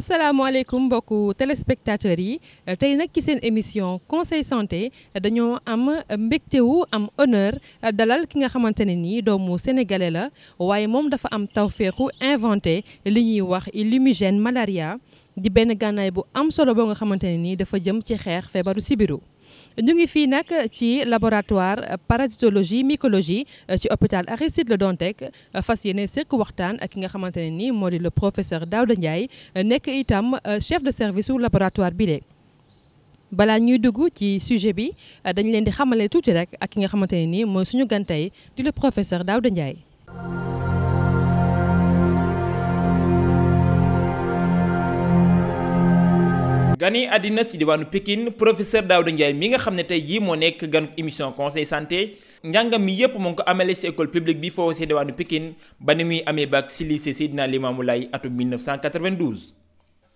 asalaamaaleykum mbokku téléspectateurs yi tey nag ci seen émission conseil santé dañoo am mbégte am honneur dalal ki nga xamante ne nii doomu sénégalais la waaye moom dafa am tawféexu inventé li ñuy wax Lumigène malaria di benn gànnaay bu am solo boo nga xamante ne nii dafa jëm ci xeex feebaru sibiru ñu ngi fii nag ci laboratoire parasitologie mycologie ci hôpital Aristide Le Dantec fas yéene sëkk waxtaan ak ki nga xamante ne nii moo di le professeur da Ndiaye nekk itam euh, chef de service su laboratoire bi de. balaa ñuy dugg ci sujet bi dañ leen di xamale tuuti rek ak ki nga xamante ne nii mooy suñu gan tey di le professeur da Ndiaye. gani àddina si diwaanu Pikine professeur Daouda Ndiaye mi nga xam ne tey jii moo nekk gan émission conseil santé njàngam mi yépp moo ngi ko amale si école publique bi foofu si diwaanu Pikine ba ni muy amee bac si lycée Seydina Limamou Laye atum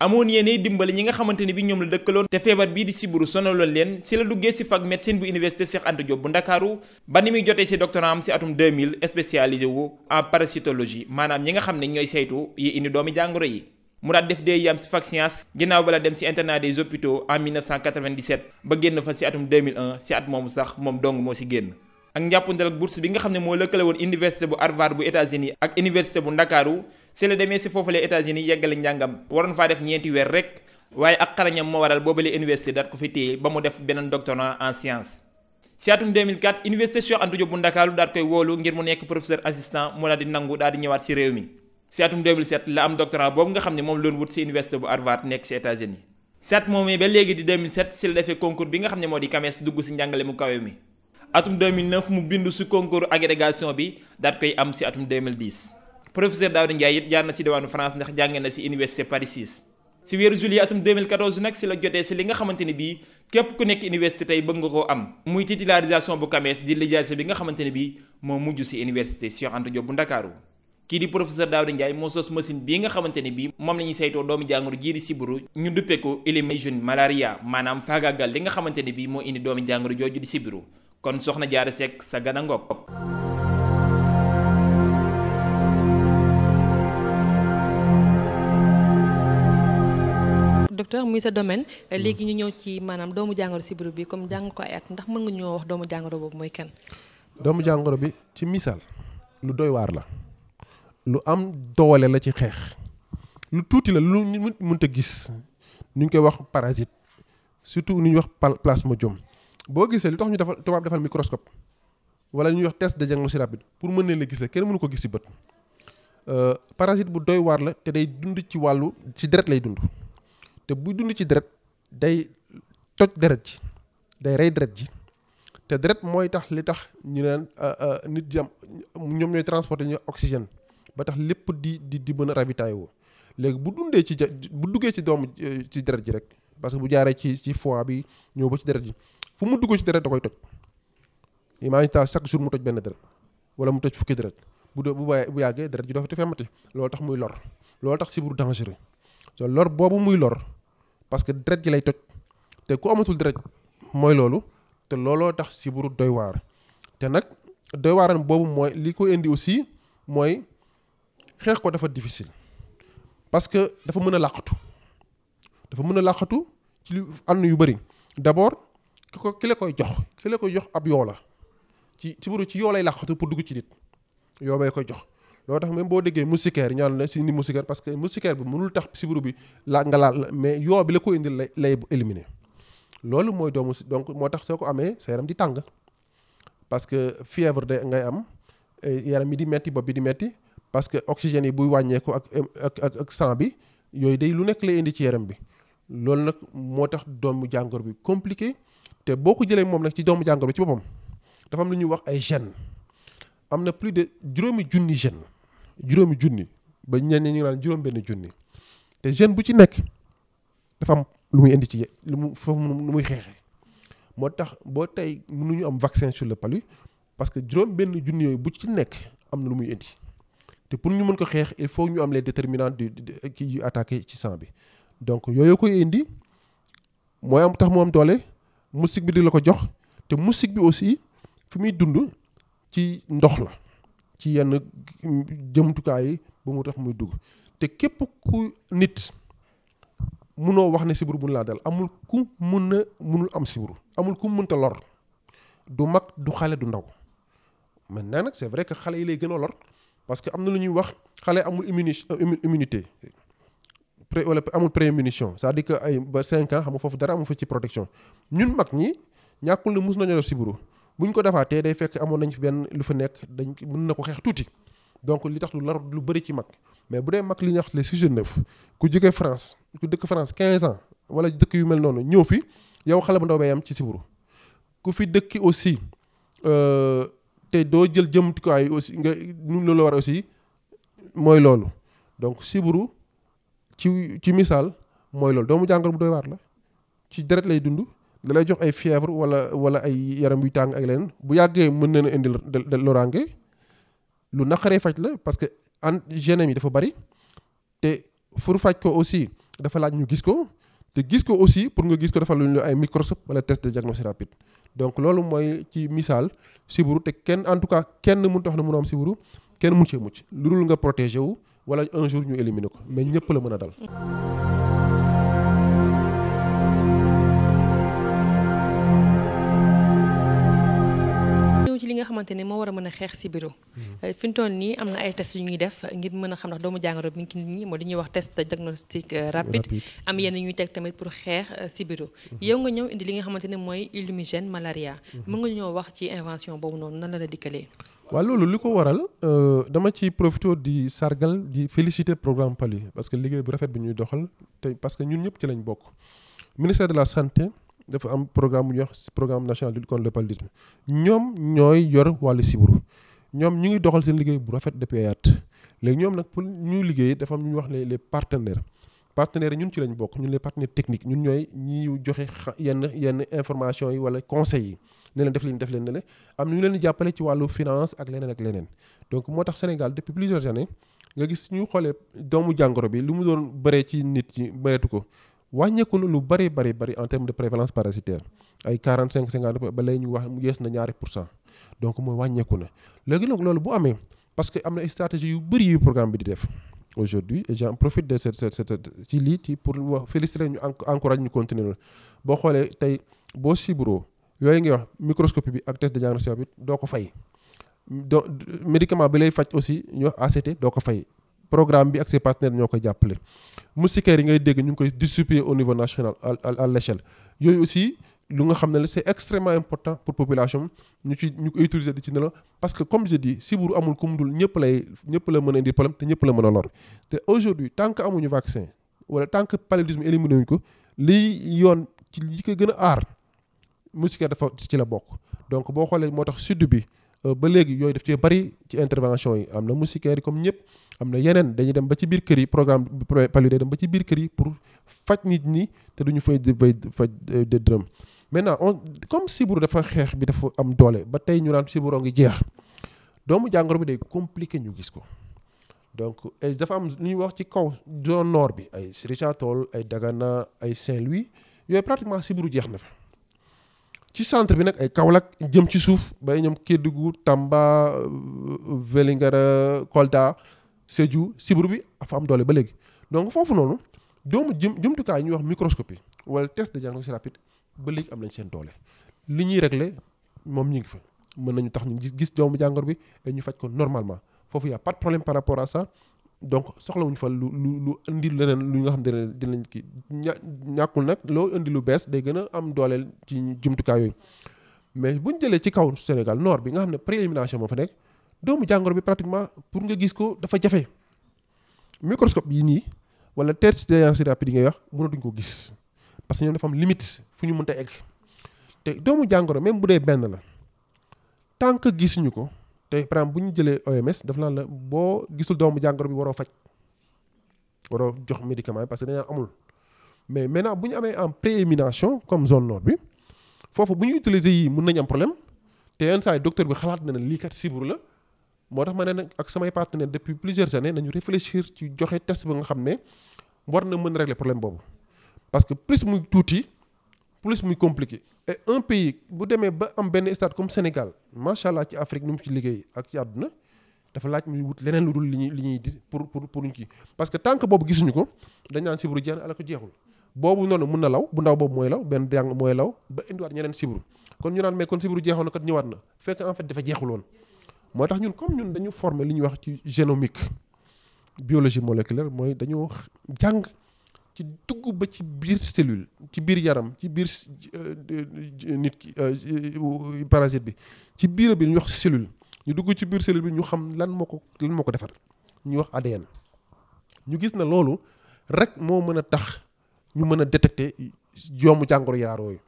amoon yéene dimbali ñi nga xamante ni bi ñoom la dëkkaloon te feebar bii di sibbiru sonaloon leen si la duggee si fac médecine bu université Cheikh Anta Diop bu ndakaaru ba ni muy jotee si doctorat am atum 2000 spécialisé wu en parasitologie maanaam ñi nga xam ne ñooy saytu indi doomi jàngoro yi. mu daal def des yam si fac science ginnaaw bala dem si internat des hôpitaux en ba génn fa si atum 2001 at moomu sax moom dong moo si génn. ak njàppandal ak bourse bi nga xam ne moo lëkkale woon université bu Harvard bu États-Unis ak université bu Ndakaaru si la demee si foofulee États-Unis yeggale njàngam waroon faa def ñeenti weer rek waaye ak xarañam moo waral boobale université daat ko fi téye ba mu def beneen doctorat en science. si atum 2004 université Cheikh Anta Diop bu Ndakaaru nekk professeur assistant mu di nangu daal di ñëwaat si réew mi. si atum 2007 la am doctorat boobu nga xam ne moom loon wut si université bu Harvard nekk si États-Unis si at moom ba léegi di 2007 si la defee concours bi nga xam ne moo di CAMES dugg si njàngale mu kawe mi atum mu bindu si concours agrégation bi daat koy am si atum professeur Daouda Ndiaye jaar na si diwaanu France ndax jàngee na si université Paris 6 weeru juillet atum nag si la jotee si li nga xamante ni képp ku nekk université tey bëgg nga koo kii di professeur Daouda Ndiaye moo sos machine bii nga xamante ne bii moom la ñuy saytoo doomu jàngoro jii di sibiru ñu duppee ko élimination malaria maanaam faagaagal li nga xamante ne bii moo indi doomu jàngoro jooju di sibiru kon soxna Diarra Seck sa gana ngoog. docteur muy sa domaine léegi ñu ñëw ci maanaam doomu jàngoro sibiru bi comme jàng ko ay ndax mën nga ñoo wax doomu jàngoro boobu mooy kenn doomu jàngoro bi ci misaal lu doy waar la. lu am doole la ci xeex lu tuuti la lu ñu te gis nu ñu koy wax parasite surtout nu ñuy wax jom boo gisee li tax ñu defal tubaab defal microscope wala ñuy wax test de si rapide pour mën ne la gisee kenn mënu ko gis si bët euh, parasite bu doy waar la te day dund ci wàllu ci deret lay dund te buy dund ci deret day toj deret ji day rey deret ji te deret mooy tax li tax ñu neen euh, euh, nit ji am ñoom ñooy transporter ñu oxygène ba tax lépp di di di mën a ravitaay woo léegi bu dundee ci bu duggee ci doom ci deret ji rek parce que bu jaaree ci ci foie bi ñëw ba ci deret ji fu mu dugg ci deret da koy toj imagine ta chaque jour mu toj benn deret wala mu toj fukki deret bu dee bu bàyyee bu yàggee deret ji doo fi fermati loolu tax muy lor loolu tax sibiru dangereux so lor boobu muy lor parce que deret ji lay toj te ku amatul mooy loolu te looloo tax sibiru doy waar te nag doy boobu mooy li ko indi aussi mooy xeex ko dafa difficile parce que dafa mën a làqatu dafa mën a làqatu ci lu ànd yu bëri d'abord ki ko ki la koy jox ki la koy jox ab yoo la ci ci ci yoo lay làqatu pour dugg ci nit yoo bay ko jox loo tax même boo déggee moustiquaire ñaan na si ni moustiquaire parce que moustiquaire bi mënul tax si buru bi laa nga laal mais yoo bi la ko indil lay lay élimine loolu mooy doomu donc moo tax soo ko amee sa yaram di tàng parce que fièvre de ngay am eh, yaram bi di metti bopp bi di metti parce que oxygène yi buy wàññeeku ak ak bi yooyu day lu nekk lay indi ci yaram bi loolu nag moo tax doomu jàngoro bi compliqué te boo ko jëlee moom nag ci doomu jàngoro bi ci boppam dafa lu ñuy wax ay gènes am na plus de juróomi junni gène juróomi junni ba ñenn ñi ñu naan juróom benn junni te gène bu ci nekk dafa lu muy indi ci lu mu foofu lu muy xeexee moo tax boo tey mënuñu am vaccin sur le palu parce que juróom benn junni yooyu bu ci nekk am na lu muy indi te pour ñu mën ko xeex il faut ñu am les déterminants du ki yu attaqué ci sang bi donc yooyu koy indi mooy am tax mu am doole moustique bi di la ko jox te moustique bi aussi fi muy dund ci ndox la ci yenn jëmtukaay yi ba mu tax muy dugg te képp ku nit munoo wax ne siburu mun laa dal amul ku mun na munul am siburu amul ku mënta lor du mag du xale du ndaw maintenant nag c'est vrai que xale yi lay gën a lor parce que am na lu ñuy wax xale amul euh, immunité pré wala amul prémunition c'est-à-dire que ay ba 5 ans xam nga foofu dara amul fa ci protection ñun mag ñi ñàkkul ne mus nañoo def sibiru bu ñu ko defaatee day fekk amoon nañ fi benn lu fi nekk dañ mën na ko xeex tuuti donc li tax lu lar lu bëri ci mag mais bu dee mag li ñuy wax les sujets neuf ku jógee France ku dëkk France 15 ans wala dëkk yu mel noonu ñëw fi yow xale bu ndaw bay am ci sibiru ku fi dëkki aussi. Euh, te doo jël jëmtukaay aussi nga nu la war aussi mooy loolu donc sibiru ci ci misaal mooy loolu doomu jàngoro bu doy waar la ci deret lay dund dalay jox ay fièvre wala wala ay yaram yu tàng ak leen bu yàggee mën na indi loraange lu naqaree faj la parce que an gène yi dafa bari te pour faj ko aussi dafa laaj ñu gis ko te gis ko aussi pour nga gis ko dafa lu ñu ay microscope wala test de diagnostic rapide donc loolu mooy ci misaal siburu te kenn en tout cas kenn mun wax na mënoo am kenn mun cee mucc lu dul nga protéger wu wala un jour ñu éliminer ko mais ñëpp la mën a dal. li nga xamante ne moo war a mën a xeex si bureau mm-hmm. eh, fi ñu toll nii am na ay test yu ñuy def ngir mën a xam ndax doomu jàngoro bi ngi nit ñi moo di ñuy wax test euh, euh, mm-hmm. nga ñëw indi ne mooy illumigène malaria mm-hmm. mën nga ñoo wax ci invention boobu noonu na la la dikkalee waaw loolu li ko waral euh, dama ci profité di sargal di féliciter programme Palu parce que liggéey bu rafet bi ñuy doxal te parce que ñun ñëpp ci lañ bokk ministère de la santé dafa am programme bu ñuy wax programme national de lutte contre le paludisme ñoom ñooy yor wàllu sibiru ñoom ñu ngi doxal seen liggéey bu rafet depuis at léegi ñoom nag pour ñu liggéey dafa am ñu wax les les partenaires partenaires ñun ci lañ bokk ñun les partenaires techniques ñooy ñi joxe yenn yenn information yi wala conseils yi ne leen def leen def leen ne la am leen di jàppale ci wàllu finance ak leneen ak leneen donc moo tax Sénégal depuis plusieurs années nga gis ñu xoolee doomu jàngoro bi lu mu doon bëree ci nit ñi bëreetu ko wàññeeku na lu bari bari bari en terme de prévalence parasitaire ay 45 50 ba lay ñu wax mu yees na ñaari pour cent donc mooy wàññeeku na léegi nag loolu bu amee parce que am na stratégie yu bëri yu programme bi di def aujourd'hui et j'en profite de cette cette ci lii ci pour wax féliciter ñu encourage ñu continuer la boo xoolee tey boo sibroo yooyu ngi wax microscope bi ak test de diagnostic bi doo ko fay do médicament bi lay faj aussi ñu wax ACT doo ko fay programme bi ak ses partenaires ñoo koy jàppale moustiquaires yi ngay dégg ñu ngi koy distribuer au niveau national à l'échelle yooyu aussi lu nga xam ne la c'est extrêmement important pour population ñu ci ñu koy utiliser di ci ne la parce que comme je dis si buru amul ku dul ñëpp lay ñëpp la mën a indi problème te ñëpp la mën a lor te aujourd'hui tant que amuñu vaccin wala tant que paludisme éliminé wuñ ko liy yoon ci li ko gën a aar moustiquaire dafa ci la bokk donc boo xoolee moo tax sud bi euh, ba léegi yooyu daf cee bari ci intervention yi am na moustiquaire yi comme ñëpp am na yeneen dañuy dem ba ci biir kër yi programme Palu day dem ba ci biir kër yi pour faj nit ñi te duñu fay fay faj euh, de dërëm maintenant on comme siburu dafa xeex bi dafa am doole ba tey ñu naan siburu ngi jeex doomu jàngoro bi day compliqué ñu gis ko donc dafa am lu ñuy wax ci kaw zone noor bi ay Richard Toll ay Dagana ay Saint-Louis yooyu pratiquement siburu jeex na fa ci centre bi nag ay Kaolack jëm ci suuf bay ñoom Kédougou Tamba euh, Vélingara Kolda Sédhiou sibru bi a fa am doole ba léegi donc foofu noonu doomu jëm jumtukaay yu ñuy wax bi wala test de diagnostic rapide ba léegi am nañ seen doole li ñuy régler moom ñu ngi fa mën nañu tax ñu gis gis doomu jàngoro bi et ñu faj ko normalement foofu y' a problème par rapport à sa donc soxlawuñu fa lu lu lu indi leneen lu nga xam ne dinañ kii ña ñàkkul nag loo indi lu bees day gën a am dooleel ci jumtukaay yooyu mais bu ñu jëlee ci kaw Sénégal nord bi nga xam ne prééminence moo fa doomu jàngoro bi pratiquement pour nga gis ko dafa jafe microscope yi nii wala test surveillance rapide yi ngay wax mënatuñ ko gis parce que ñoom dafa am limite fu ñu mënta egg te doomu jàngoro même bu dee benn la tant que gisuñu ko te par exemple bu ñu jëlee OMS daf naan la boo gisul doomu jàngoro bi waroo faj waroo jox médicament parce que dañu amul mais maintenant bu ñu amee en préémination comme zone nord bi foofu bu ñu utiliser yii mën nañ am problème te yenn saa bi xalaat na ne lii kat la. moo tax ma ne nag ak samay partenaire depuis plusieurs années nañu réfléchir ci joxe test ba nga xam ne war na mën régler problème boobu parce que plus muy tuuti plus muy compliqué et un pays bu demee ba am benn stade comme Sénégal macha allah ci Afrique nu mu ci liggéey ak ci àdduna dafa laaj muy wut leneen lu dul li ñu li ñuy di pour pour pour ñu kii parce que tant que boobu gisuñu ko dañ naan sibru jeex na ko jeexul boobu noonu mun na law bu ndaw boobu mooy law benn mooy law ba indiwaat ñeneen sibru kon ñu naan mais kon sibru jeexoon na kat ñëwaat na fekk en fait moo tax ñun comme ñun dañu former li ñu wax ci génomique biologie moléculaire mooy dañu jàng ci dugg ba ci biir cellule ci biir yaram ci biir euh, nit ki euh, parasite bi ci biir bi ñu wax cellule ñu dugg ci biir cellule bi ñu xam lan moo ko lan moo ko defar ñu wax ADN ñu gis na loolu rek moo mën a tax ñu mën a détecter yoomu jàngoro yaarooyu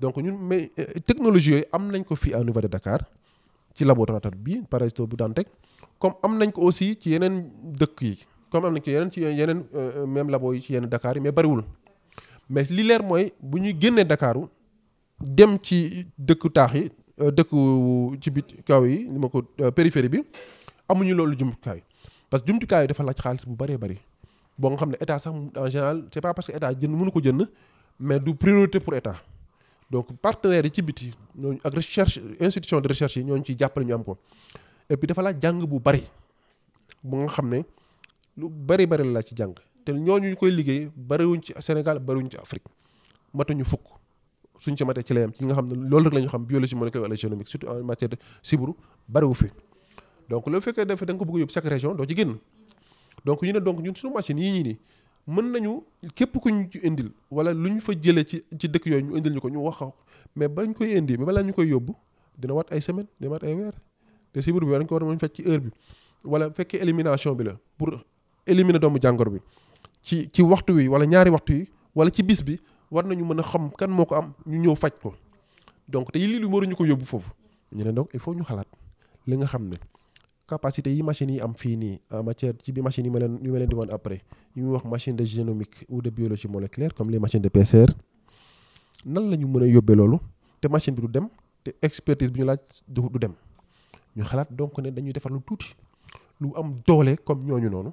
donc ñun mais euh, technologie yooyu am nañ ko fii à Université de Dakar ci laboratoire bi parasito bu daan teg comme am nañ ko aussi ci yeneen dëkk yi comme am nañ ko yeneen ci yeneen euh, même labo yi ci yenn dakaar yi mais bariwul mais li leer mooy bu ñuy génnee dakaaru dem ci dëkku taax yi euh, dëkk ci bit kaw yi ni ma ko euh, périphérie bi amuñu loolu jumtukaay parce que jumtukaay yi dafa laaj xaalis bu baree bari boo nga xam ne état sax en général c'est pas parce que état jënd munu ko jënd mais du priorité pour état donc partenaires yi ci biti ñooñu ak recherche institution de recherche yi ñooñu ciy jàppale ñu am ko et puis dafa laaj jàng bu bari bu nga xam ne lu bari bari la ci jàng te ñoo ñu koy liggéey bariwuñ ci Sénégal bariwuñ ci Afrique matuñu fukk suñ ci matee ci la yam ci nga xam ne loolu rek la ñu xam biologie moléculaire wala génomique surtout en matière de sibiru bariwu fi donc loolu fekkee dafa da nga ko bëgg yóbbu chaque région doo ci génn donc ñu ne donc ñun suñu machine yii mën nañu képp ku ñu ci indil wala lu ñu fa jëlee ci ci dëkk yooyu ñu indil ñu ko ñu wax ko mais bañ koy indi ba balaa ñu koy yóbbu dina wat ay semaine dina wat ay weer te sibir bi dañ ko war a mën faj ci heure bi wala fekkee élimination bi la pour éliminer doomu jàngoro bi ci ci waxtu wi wala ñaari waxtu yi wala ci bis bi war nañu mën a xam kan moo ko am ñu ñëw faj ko donc te lii lu waruñu ko yóbbu foofu ñu ne donc il faut ñu xalaat li nga xam ne. capacité yi machine yi am fii nii en euh, matière bi machines yi ma leen yu ma leen di woon après yu muy wax machine de génomique ou de biologie moléculaire comme les machines de PCR nan la ñu mën a yóbbee loolu te machine bi du dem te expertise bi ñu laaj du dem ñu xalaat donc ne dañuy defar lu tuuti lu am doole comme ñooñu noonu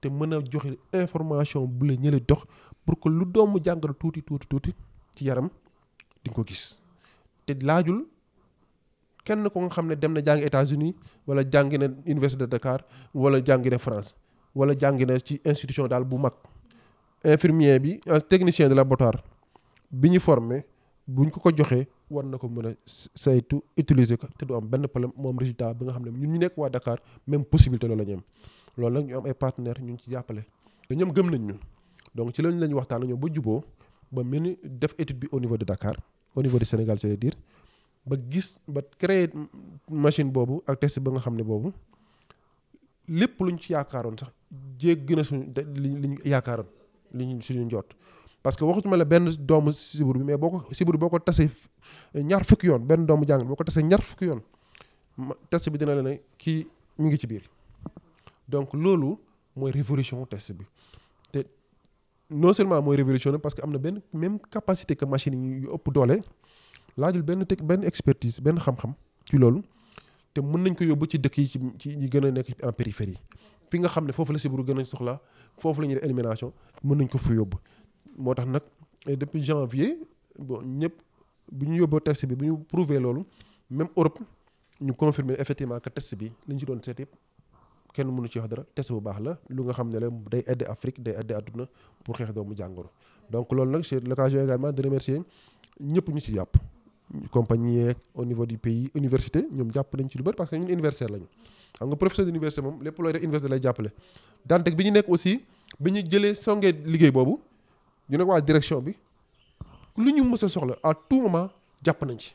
te mën a joxe information bu la ñële dox pour que lu doomu jàngoro tuuti tuuti tuuti ci yaram di ko gis te laajul. kenn ko nga xam ne dem na jàngi États-Unis wala jàngi na Université de Dakar wala jàngi na France wala jàngi na ci institution daal bu mag infirmier bi euh, technicien de laboratoire bi ñu formé buñ ko ko joxee war na ko mën a saytu utiliser ko te du am benn problème moom résultat bi nga xam ne ñun ñu nekk waa Dakar même possibilité loolu la ñu am loolu nag ñu am ay partenaires ñu ngi ci jàppale te ñoom gëm nañ ñu donc ci lañ lañ waxtaan ñoom ba juboo ba mel ni def étude bi niveau de Dakar au niveau Sénégal cest à ba gis ba créer machine boobu ak test ba nga xam ne boobu lépp luñ ci yaakaaroon sax jéeg gën a de li li ñu yaakaaroon li ñu suñu njoot parce que waxutuma la benn doomu sibur bi mais boo ko sibur boo ko tasee ñaar fukki yoon benn doomu jàng boo ko tasee ñaar fukki yoon test bi dina la ne kii mi ngi ci biir donc loolu mooy révolution test bi te non seulement mooy révolution parce que am na benn même capacité que machine yi yu ëpp doole laajul benn teg benn expertise benn xam-xam ci loolu te mën nañ ko yóbbu ci dëkk yi ci ci ñi gën a nekk ci en périphérie fi nga xam ne foofu la si sibiru gën a soxla foofu la ñuy def élimination mën nañ ko fa yóbbu moo tax nag depuis janvier bon ñëpp bu ñu yóbboo test bi bu ñu prouver loolu même Europe ñu confirmer effectivement test bi li ci doon seet yëpp kenn mënu ci wax dara test bu baax la lu nga xam ne la day aider Afrique day aider àdduna pour xeex doomu jàngoro donc loolu nag c'est l'occasion également de remercier ñëpp ñu ci yàpp compagnie yeeg au niveau du pays université ñoom jàpp nañ ci lu bëri parce que ñun universitaire lañu xam nga professeur d'université moom lépp looy def université lay jàppale daanteg bi ñu nekk aussi bi ñu jëlee songee liggéey boobu ñu ne waa direction bi li ñu mës a soxla à tout moment jàpp nañ ci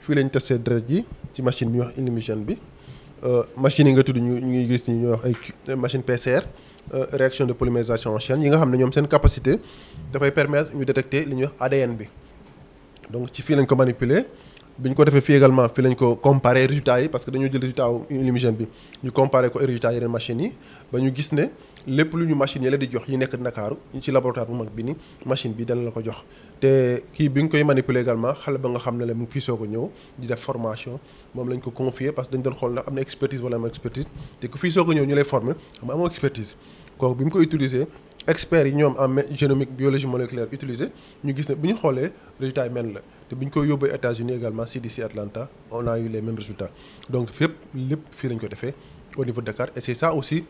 fii lañ testé deret yi ci machine bi ñuy wax Illumigène bi Euh, machine yi nga tudd ñu ñuy gis ni ñuy wax ay machine PCR euh, réaction de polymérisation en chaîne yi nga xam ne ñoom seen capacité dafay permettre ñu détecter li ñuy wax ADN bi donc ci fii lañ ko manipuler bi ñu ko defee fii également fi lañ ko comparé résultats yi parce que dañoo jël résultat wu Lumigène bi ñu comparé ko résultat yeneen machines yi ba ñu gis ne lépp lu ñu machines yi la di jox yi nekk Ndakaaru ci laboratoire bu mag bi ni machine bi dana la ko jox te kii bi nga koy manipuler également xale ba nga xam ne la mu ngi fii soo ko ñëw di def formation moom lañ ko confier parce que dañ doon xool ndax am na expertise wala am expertise te ku fii soo ko ñu lay former xam ko utiliser experts yi ñoom en génomique biologie moléculaire ñu gis ne bu ñu xoolee résultat yi la te bu ñu koy yóbbee États-Unis également CDC Atlanta on a eu les mêmes résultats donc fépp lépp fii lañ ko defee au niveau de Dakar et ça aussi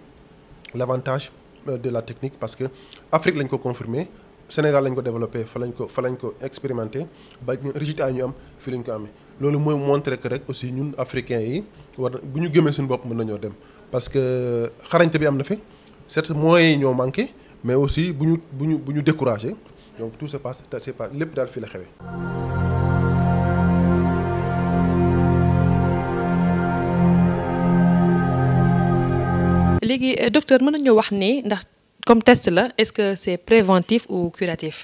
l'avantage euh, de la technique parce que Afrique lañ ko confirmer Sénégal lañ ko développé fa lañ ko fa lañ ko expérimenté ba ñu résultat ñu am fii lañ ko amee loolu mooy montre que rek aussi ñun africains yi war bu ñu gëmee suñu bopp mën nañoo dem parce que xarañte bi am na fi certes moyens yi ñoo manqué mais aussi bu ñu bu ñu bu ñu découragé donc tout se passe c'est lépp daal fii la xewee léegi euh, docteur mën nañu wax nii ndax comme test la est-ce que c'est préventif ou curatif.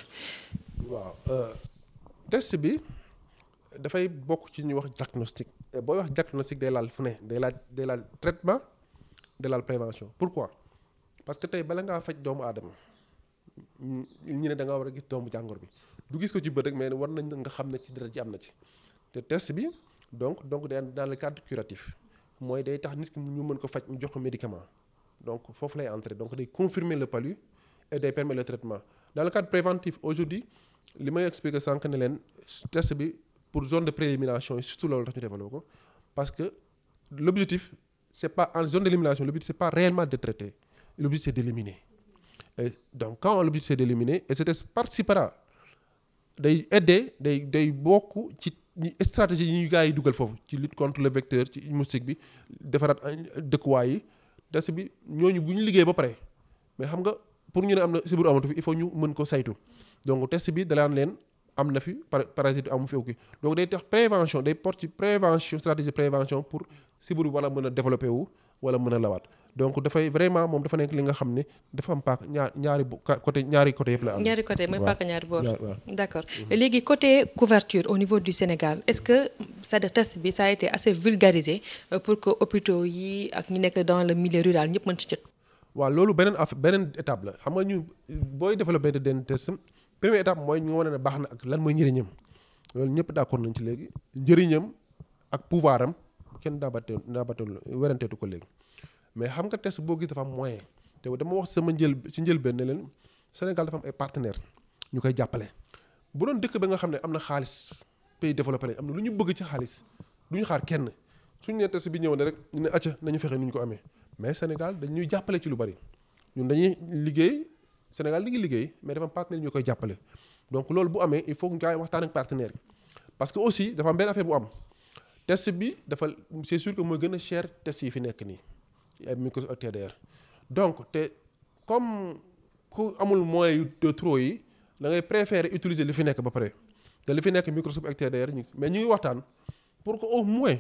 waaw euh, test bi dafay bokk ci ñuy wax diagnostic euh, booy wax diagnostic day laal fu ne de laal day traitement de laal prévention pourquoi parce que tey bala ngaa faj doomu aadama ñu ne da nga war a gis doomu jàngor bi du gis ko ci bët rek mais war nañ nga xam ne ci dara ji am na ci te test bi donc donc day dans le cadre curatif mooy day tax nit ki ñu mën ko faj mu jox ko médicament. donc foofu lay entrer donc day confirmer le palu et day permettre le traitement dans le cadre préventif aujourd'hui li may expliquer sànq ne leen test bi pour zone de préélimination yi surtout loolu tax ñu développé ko parce que l'objectif c'est pas en zone d'élimination l'objectif c'est pas réellement de traiter l'objectif c'est d'éliminer et donc quand l'objectif c'est d'éliminer et ce test participera day aider day day bokk ci stratégie yi ñu gars yi dugal foofu ci lutte contre le vecteur ci moustique bi defaraat dëkkuwaay yi test bi ñooñu bu ñu liggéey ba pare mais xam nga pour ñu ne am na sibiru amatu fi il faut ñu mën ko saytu donc test bi dalaan leen am na fi parasite amu fi kii donc day tax prévention day porte ci prévention stratégie prévention pour sibiru wala mën a développé wu wala mën a lawaat donc dafay vraiment moom dafa nekk li nga xam ne dafa am ñaari côté ñaari ñaari côté mooy paak ñaari boor. d' accord mhm. léegi côté couverture au niveau du Sénégal est ce que c'est-à-dire test bi ça a été assez vulgarisé euh, pour que hôpitaux yi ak ñi nekk dans le milieu rural ñëpp mën ci jot. waaw loolu beneen affaire beneen étape la xam nga ñu booy développé benn test première étape mooy ñu wane ne baax na ak lan mooy njëriñam loolu ñëpp d' accord nañ ci léegi njëriñam ak pouvoiram kenn daabateelu daabateelu weranteetu ko léegi. mais xam nga test boo gis dafa am moyen te dama wax sama njël ci njëlbeen ne leen Sénégal dafa am ay partenaires ñu koy jàppale. bu doon dëkk ba nga xam ne am na xaalis pays développé lañ am na lu ñu bëgg ci xaalis du ñu xaar kenn suñu nee test bi ñëw ne rek ne acca nañu fexe nu ñu ko amee mais Sénégal dañuy jàppale ci lu bari ñun dañuy liggéey Sénégal li ngi liggéey mais dafa am partenaire ñu koy jàppale donc loolu bu amee il faut que gars waxtaan ak partenaire parce que aussi dafa am benn am test bi dafa c'est sûr que gën a cher test yi fi nekk nii. ay micro-octets d'ailleurs donc te comme ku amul moyen de trop yi da ngay préférer utiliser lu fi nekk ba pare te li fi nekk micro-octets d'ailleurs mais ñu waxtaan pour que au moins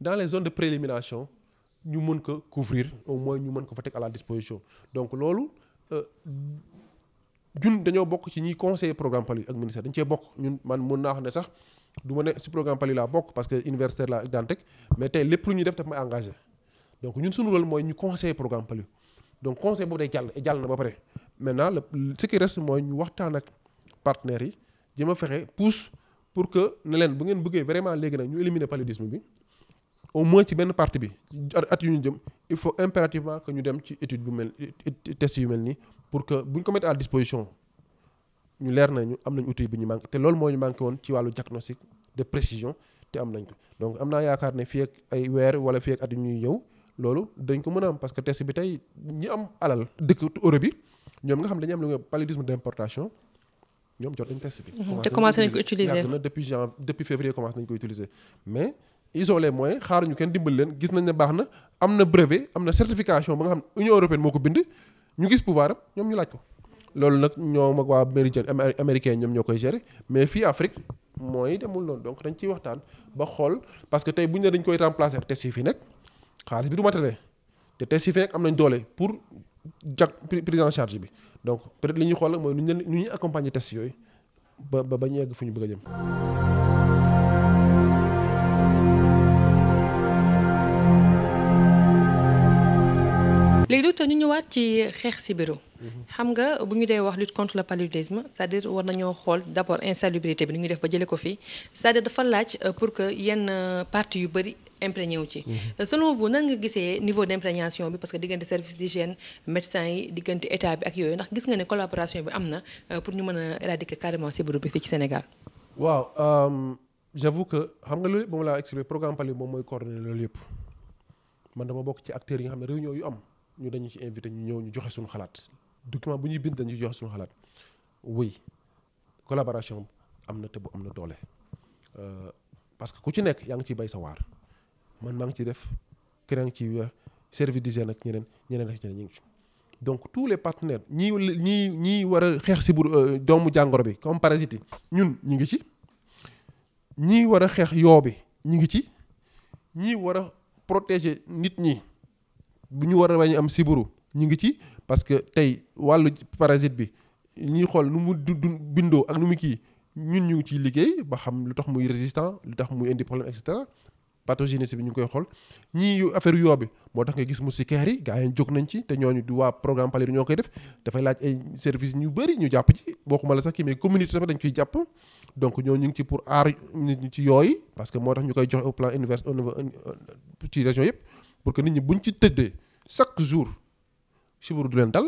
dans les zones de prélimination ñu mën ko couvrir au moins ñu mën ko fa teg à la disposition donc loolu jun euh, dañoo bokk ci ñiy conseil programme Palu ak ministère dañ cee bokk ñun man mën naa wax ne sax du ma ne si programme Palu laa bokk parce que universitaire laa ak mais tey lépp lu ñuy def daf may engagé donc ñun suñu loolu mooy ñu conseiller programme PALU donc conseil boobu day jàll jàll na ba pare maintenant le ce qui mooy ñu waxtaan ak partenaires yi jëm a fexe pousse pour que ne leen bu ngeen bëggee vraiment léegi nag ñu éliminer paludisme bi au moins ci benn partie bi at yu ñu jëm il faut impérativement que ñu dem ci étude bu mel test yu mel nii pour que bu ñu ko mettre à disposition ñu leer nañu am nañu uti bi ñu manqué te loolu moo ñu manqué woon ci wàllu diagnostic de précision am nañ ko am naa yaakaar ne fii ak ay weer wala fii at ñuy ñëw loolu dañ ko mën am parce que test bi tey ñi am alal dëkk Europe bi ñoom nga xam dañu am lu nga paludisme d' importation ñoom jot nañ test bi. Mhm. te commencé nañ ko utiliser na depuis jan depuis février commencé nañ ko utiliser mais. ils ont les moyens xaaruñu kenn dimbali leen gis nañ ne baax na am na brevet am na certification ba nga xam Union européenne moo ko bind ñu gis pouvoir am ñoom ñu laaj ko loolu nag ñoom ak waa méridien américain ñoom ñoo koy gérer mais fii Afrique mooy demul noonu donc dañ ciy waxtaan ba xool parce que tey bu ñu koy remplacer ak test fii nekk xaalis bi du matale te test yi fekk am nañ doole pour jag prise en charge bi donc peut être li ñuy xool mooy nu ñu leen nu ñuy accompagner test yooyu ba ba bañ yegg fu ñu bëgg a jëm. léegi docteur ñu ñëwaat ci xeex sibiru xam nga bu ñu dee wax lutte contre le paludisme c'est-à-dire war nañoo xool d'abord insalubrité bi nu ñuy def ba jëlee ko fii cest à dafa laaj euh, pour que yenn euh, parties yu bëri. imprégné wu ci. Mhm. Euh, selon vous nan nga gisee niveau d' imprégnation bi parce que diggante service d' hygiène médecins yi diggante état bi ak yooyu ndax gis nga ne collaboration bi am na euh, pour ñu mën a éradiquer carrément sibiru bi fii ci Sénégal. waaw euh, j' avoue que xam nga loolu yëpp moom laa expliqué programme Pali moom mooy coordonné loolu yëpp man dama bokk ci acteurs yi nga xam ne réunion yu am ñu dañu ci invité ñu ñëw ñu joxe suñu xalaat document bu ñuy bind dañu joxe suñu xalaat oui collaboration am na te bu am na doole parce que ku ci nekk yaa ngi ci bay sa waar. man maa ngi ciy def keneen ci service d'hygiène ak ñeneen ñeneen ak ñeneen ñu ngi ci donc tous les partenaires ñii ñii ñii war a xeex si bu euh, doomu jàngoro bi comme parasite ñun ñu ngi ci ñii war a xeex yoo bi ñu ngi ci ñii war a protéger nit ñi bu ñu war a bañ am siburu ñu ngi ci parce que tey wàllu parasite bi ñuy xool nu mu du bindoo ak nu mu kii ñun ñu ngi ciy liggéey ba xam lu tax muy résistant lu tax muy indi problème et cetera pathogéniste bi ñu ngi koy xool ñii affaire yoo bi moo tax nga gis moustiquaires yi gars yi jóg nañ ci te ñooñu du waa programme Palier ñoo koy def dafay laaj ay service ñu bëri ñu jàpp ci bokkuma la sax kii mais communauté sax dañ koy jàpp donc ñoo ñu ngi ci pour aar nit ñi ci yooyu parce que moo tax ñu koy joxe au plan univers au euh, ci région yëpp pour que nit ñi bu buñ ci tëddee chaque jour sibiru du leen dal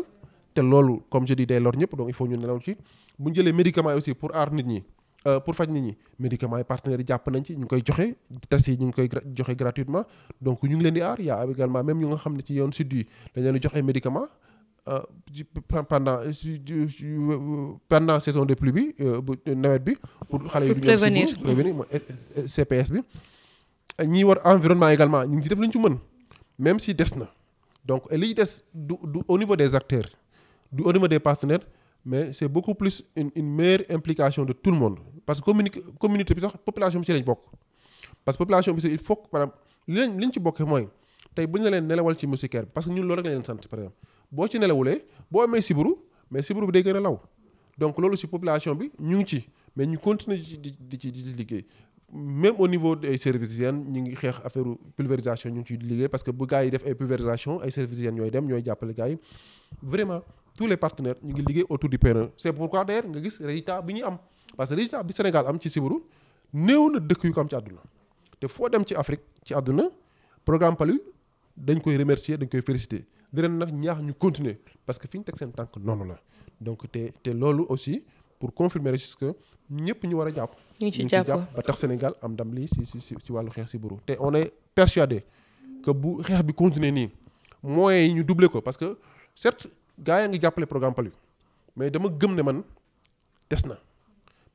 te loolu comme je dis day lor ñëpp donc il faut ñu nelaw ci buñ jëlee médicament aussi pour aar nit ñi Euh, pour faj ni ñi médicaments yi partenaires yi jàpp nañ ci ñu ngi koy joxe tests yi ñu ngi koy joxe gratuitement donc ñu ngi leen di aar yaa également même ñu nga xam ne ci yoon sud yi dañ leen di jox ay médicaments euh, pendant pendant saison de plus bi euh, bu nawet bi. pour xale yi du ñu prévenir CPS bi. war environnement également ñu ngi ci def lu ñu ci mën même si des na donc li des du du au niveau des acteurs du au niveau des partenaires mais c'est beaucoup plus une une meilleure implication de tout le monde. parce que communi communauté bi sax population bi ci lañ bokk parce que population bi sax il faut que maanaam li leen li ci bokkee mooy tey bu ñu la leen nelawal ci moustiquaire bi parce que ñun loolu rek lañ leen sant par exemple boo ci nelawulee boo amee sibiru mais sibiru bi day gën a law donc loolu si population bi ñu ngi ci mais ñu continuer di di ci di liggéey même au niveau des service hygiène ñu ngi xeex affaire pulvérisation ñu ngi ciy liggéey parce que bu gars yi def ay pulvérisation ay services hygiène ñooy dem ñooy jàppale ñu ngi liggéey autour du terrain nga gis résultat bi ñuy parce que résultat bi Sénégal am ci sibiru néew na dëkk yu ko am ci àdduna te foo dem ci Afrique ci àdduna programme PALU dañ koy remercier dañ koy féricité di leen nag ñaax ñu continuer parce que fi ñu teg seen tànk noonu la donc te te loolu aussi pour confirmer rek que ñëpp ñu war a jàpp. ñu ci jàpp ba tax Sénégal am ndam lii si si si wàllu xeex sibiru te on est persuadé que bu xeex bi continuer nii moyens yi ñu doubler ko parce que certes gars yaa ngi jàppale programme PALU mais dama gëm ne man des na.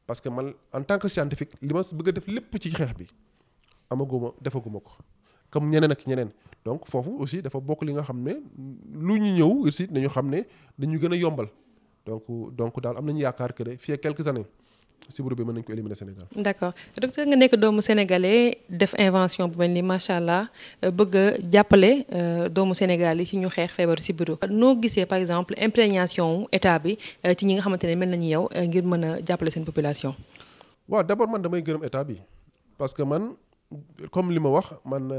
parce que man en tant que scientifique li ma bëgg a def lépp ci xeex bi amaguma defaguma ko comme ñeneen ak ñeneen donc foofu aussi dafa bokk li nga xam ne lu ñu ñëw aussi nañu xam ne dañu gën a yombal donc donc daal am nañu yaakaar que ne fii quelques années. sibiru bi mën nañu ko éliminer Sénégal. d'accord docteur nga nekk doomu sénégalais def invention bu mel ni macha allah euh, bëgg a jàppale euh, doomu Sénégal yi ci ñu xeex feebaru sibiru. noo gisee par exemple imprégnation état bi euh, ci ñi nga xamante ne mel nañu yow ngir mën a jàppale seen population. waaw d'abord man damay gërëm état bi parce que man comme li ma wax man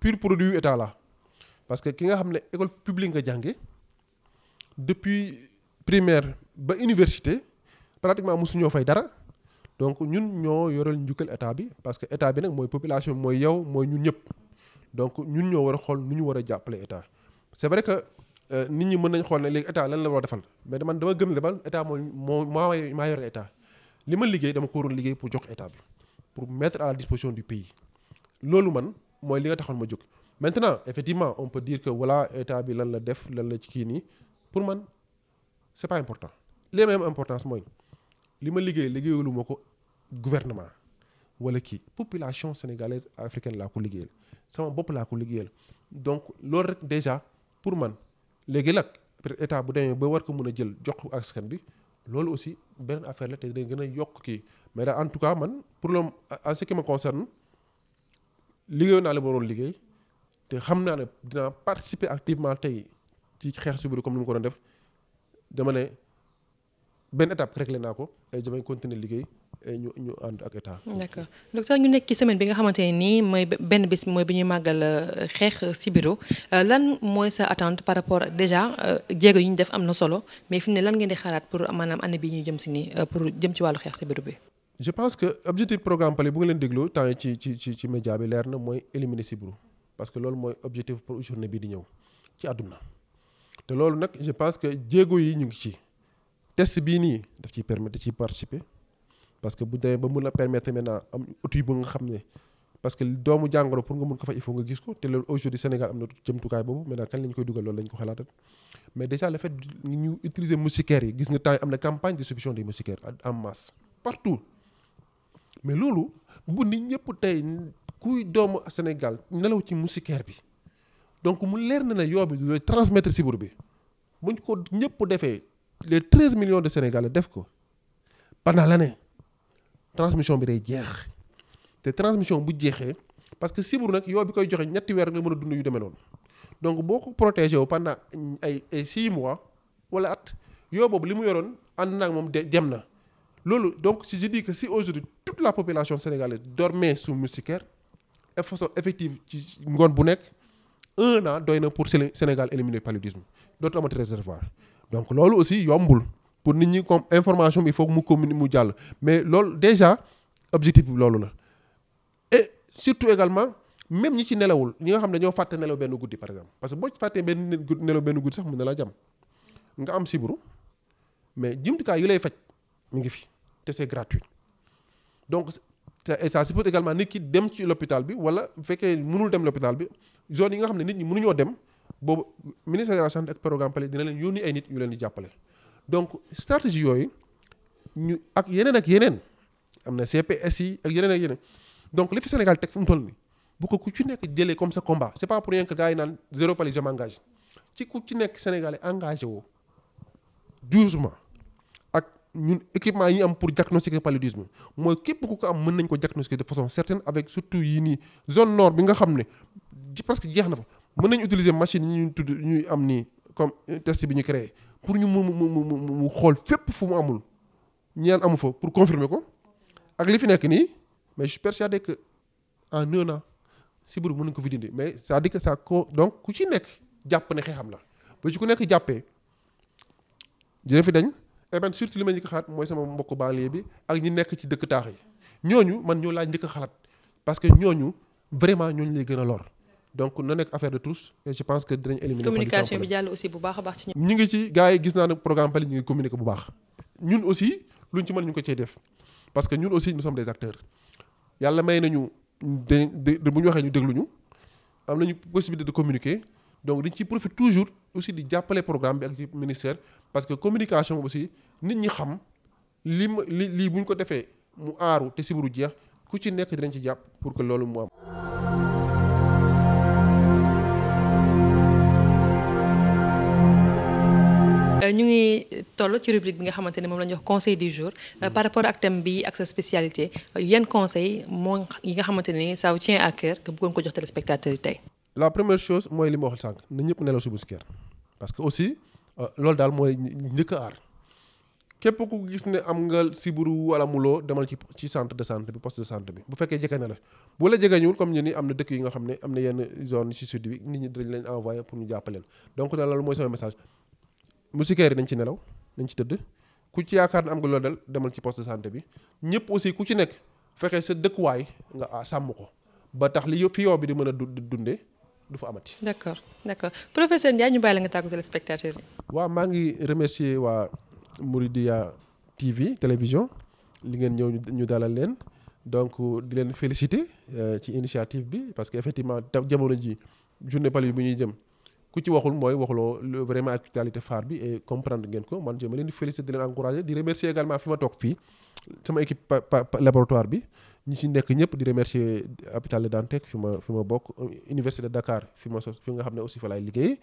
pur produit état la parce que ki nga xam ne école publique nga jànge depuis primaire ba université. pratiquement mosuñoo fay dara donc ñun ñoo yoral njukkal état bi parce que état bi nag mooy population mooy yow mooy ñun ñëpp donc ñun ñoo war a xool nu ñu war a jàppale état c'est vrai que euh, nit ñi mën nañ xool ne léegi état lan la war defal mais man dama gëm ne man état mooy moo maa yore état li ma liggéey dama ko waroon liggéey pour jox état bi pour mettre à la disposition du pays loolu man mooy li nga taxoon ma jóg maintenant effectivement on peut dire que voilà état bi lan la def lan la ci kii nii pour man c'est pas important li am importance mooy li ma liggéey liggéeyalu ma ko gouvernement wala kii population sénégalaise africaine laa ko liggéeyal sama bopp laa ko liggéeyal donc loolu rek déjà pour man léegi nag état bu demee ba war ko mën a jël jox ko askan bi loolu aussi beneen affaire la te day gën a yokk ki mais daal en tout cas man pour le en ce qui me concerne liggéeyoon naa la ma waroon liggéey te xam naa ne dinaa participer activement tey ci xeex subiri comme ni mu ko doon def dama benn étape réglé naa ko damay continuer liggéey ñu ñu ànd ak état. d'accord ñu nekk ci semaine bi nga xamante ne nii mooy benn bis mooy bi ñuy màggal euh, xeex sibiru euh, lan mooy sa attente par rapport déjà euh, jéego yu ñu def am na solo mais fi mu ne lan ngeen di xalaat pour maanaam année bi ñuy jëm si nii pour jëm ci wàllu xeex sibiru bi. je pense que objectif programme Pali bu nga leen déglu temps ci ci ci ci média bi leer na mooy éliminer sibiru parce que loolu mooy objectif pour journée bii di ñëw ci te loolu nag je pense que jéego yi ñu ngi ci. test bii nii daf ciy permettre ci participer parce que bu demee ba mun a permettre maintenant am outil bu nga xam ne parce que doomu jàngoro pour nga mun ko fa il faut nga gis ko te loolu aujourd'hui Sénégal am na jëmtukaay boobu maintenant kañ lañ koy dugal loolu lañ ko xalaatal mais déjà le fait ñu utiliser moustiquaires yi gis nga temps am na campagne de distribution des mais loolu bu nit ñëpp tey kuy doomu Sénégal nelaw ci moustiquaire bi donc mu leer na ne yoo bi du transmettre si bur bi buñ ko ñëpp defee les treize millions de sénégalais def ko pendant l'année transmission bi day jeex te transmission bu jeexee parce que siburu nag yow bi koy joxe ñetti weer nga mën a dund yu demee noonu donc boo ko protégé wu pendant ay si six mois wala at yow boobu li mu yoroon ànd naa moom de dem na. loolu donc si je si aujourd'hui tout la population sénégalaise dormait sous moustiquaire et façon effective ci ngoon bu nekk un an doy na pour Sénégal éliminer paludisme dootul amati réservoir. donc loolu aussi yombul pour nit ñi comme information bi il faut que mu communique mu jàll mais loolu déjà objectif bi loolu la et surtout également même ñi ci nelawul ñi nga xam ne ñoo fàtte nelaw benn guddi par exemple parce que boo ci fàttee benn nelaw benn guddi sax mën na la jam nga am sibiru mais jumtukaay yu lay faj mu ngi fi te c'est gratuit donc et ça suppose également nit ki dem ci l'hôpital bi wala bu fekkee mënul dem l'hôpital bi zone yi nga xam ne nit ñi mënuñoo dem boobu ministère de la santé ak programme Palais dina leen yoon yónni ay nit ñu leen di jàppale donc stratégie yooyu ñu ak yeneen ak yeneen am na CPS yi ak yeneen ak yeneen donc li fi Sénégal teg fu mu toll nii bu ko ku ci nekk jëlee comme sa combat c'est pas pour rien que gars yi naan zéro Palais je ci ku ci nekk Sénégalais engagé woo ak ñun équipement yi ñu am pour diagnostiquer paludisme mooy képp ku ko am mën nañ ko diagnostiquer de façon certaine avec surtout yii zone nord bi nga xam ne presque jeex na mën nañ utiliser machine yi ñu tudd ñuy am nii comme test bi ñu créé pour ñu mu mu mu xool fépp fu mu amul ñaan amu fa pour confirmer ko ak li fi nekk nii mais je suis a que en un an sibiru mën nañ ko fi dindi mais cest dikk sa que ko donc ku ci nekk jàpp ne xeexam la ba ci ku nekk jàppee dina fi dañ et ben surtout li ma njëkk xalaat mooy sama mbokk banlieue bi ak ñi nekk ci dëkk taax yi ñooñu man ñoo laa njëkk xalaat parce que ñooñu vraiment ñooñu lay gën a lor donc na nekk affaire de tous et je pense que dinañ éliminer. communication bi jàll aussi bu baax a baax ci ñu ngi ci gars yi gis naa ne programme Pali ñu ngi communiquer bu baax ñun aussi luñ ci mën ñu ko cee def parce que ñun aussi nous sommes des acteurs yàlla may nañu de bu ñu waxee ñu dégluñu am nañu possibilité de communiquer donc dañ ci profite toujours aussi di jàppale programme bi ak ci ministère parce que communication aussi nit ñi xam li ma li lii bu ñu ko defee mu aaru te sibiru jeex ku ci nekk dinañ ci jàpp pour que loolu mu am. Euh, ñu ngi toll ci rubrique bi nga xamante ne moom la ñuy wax conseil du jour euh, mm. par rapport ak thème bi ak sa spécialité yenn conseil moo yi nga xamante ne ça vous tient à cœur que bëggoon ko jox téléspectateurs yi tey. la première chose mooy li ma wax sànq na ñëpp nelaw suba si kër parce que aussi euh, loolu daal mooy njëkk a aar képp ku gis ne am nga siburu wala muloo demal ci ci centre de santé bi poste de santé bi bu fekkee jege na la bu ñuul comme ñu ni am na dëkk yi nga xam musicaires yi nañ ci nelaw nañ ci tëdd ku ci yaakaar na am nga loolu dal demal ci poste de santé bi ñëpp aussi ku ci nekk fexe sa dëkkuwaay nga ah, sàmm ko ba tax li fi yow bi di mën a dundee du fa amati. d'accord d'accord professeur Ndiaye ñu bàyyi la nga tàggu téléspectateur yi. waa maa ngi remercier waa Mouridia TV télévision li ngeen ñëw ñu dalal leen donc di leen féliciter euh, ci initiative bi parce que effectivement jamono ji journée palu bi ñuy jëm. ku ci waxul mooy waxuloo vraiment actualité phare bi et comprendre ngeen ko man je ma leen di féliciter di leen encourager di remercier également fi ma toog fii sama équipe laboratoire bi ñi ci nekk ñëpp di remercier hôpital daan Dantec fi ma fi ma bokk université de Dakar fi ma sos fi nga xam ne aussi fa laay liggéey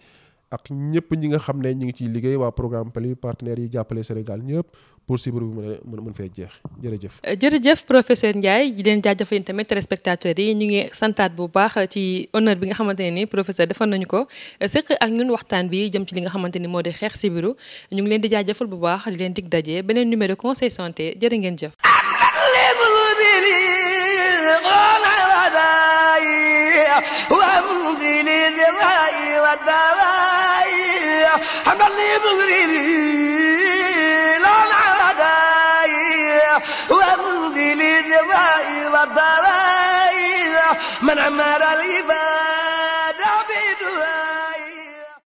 ak ñëpp ñi nga xam ne ñu ngi ci liggéey waa programme PALI partenaires yi jàppale Sénégal ñëpp pour cibre bi mën a mën fee jeex jërëjëf. Euh, jërëjëf professeur Ndiaye ji leen jaajëfal yéen tamit téléspectateurs yi ñu ngi santaat bu baax ci honneur bi nga xamante ne ni professeur defal nañu ko euh, seq ak ñun waxtaan bi jëm ci li nga xamante ni moo di xeex sibiru ñu ngi leen di jaajëfal bu baax di leen dig daje beneen numéro conseil santé jërë ngeen jëf. leeral yi